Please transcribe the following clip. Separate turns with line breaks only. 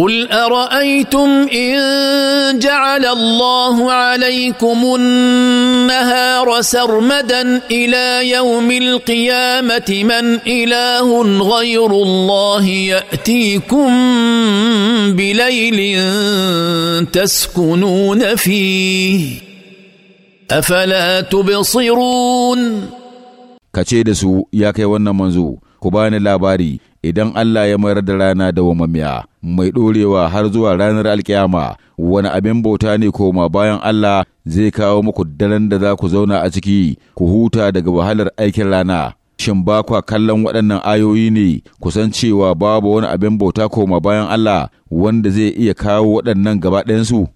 قل ارايتم ان جعل الله عليكم النهار سرمدا الى يوم القيامه من اله غير الله ياتيكم بليل تسكنون فيه افلا تبصرون
كتشيدسو يا كي ونمنزو كوباني لاباري idan Allah ya mayar da rana da wamamiya mai ɗorewa har zuwa ranar alkiyama wani abin bauta ne koma bayan Allah zai kawo muku daren da za ku zauna a ciki ku huta daga wahalar aikin rana shin ba kwa kallon waɗannan ayoyi ne kusan cewa babu wani abin bauta koma bayan Allah wanda zai iya kawo waɗannan gaba ɗayansu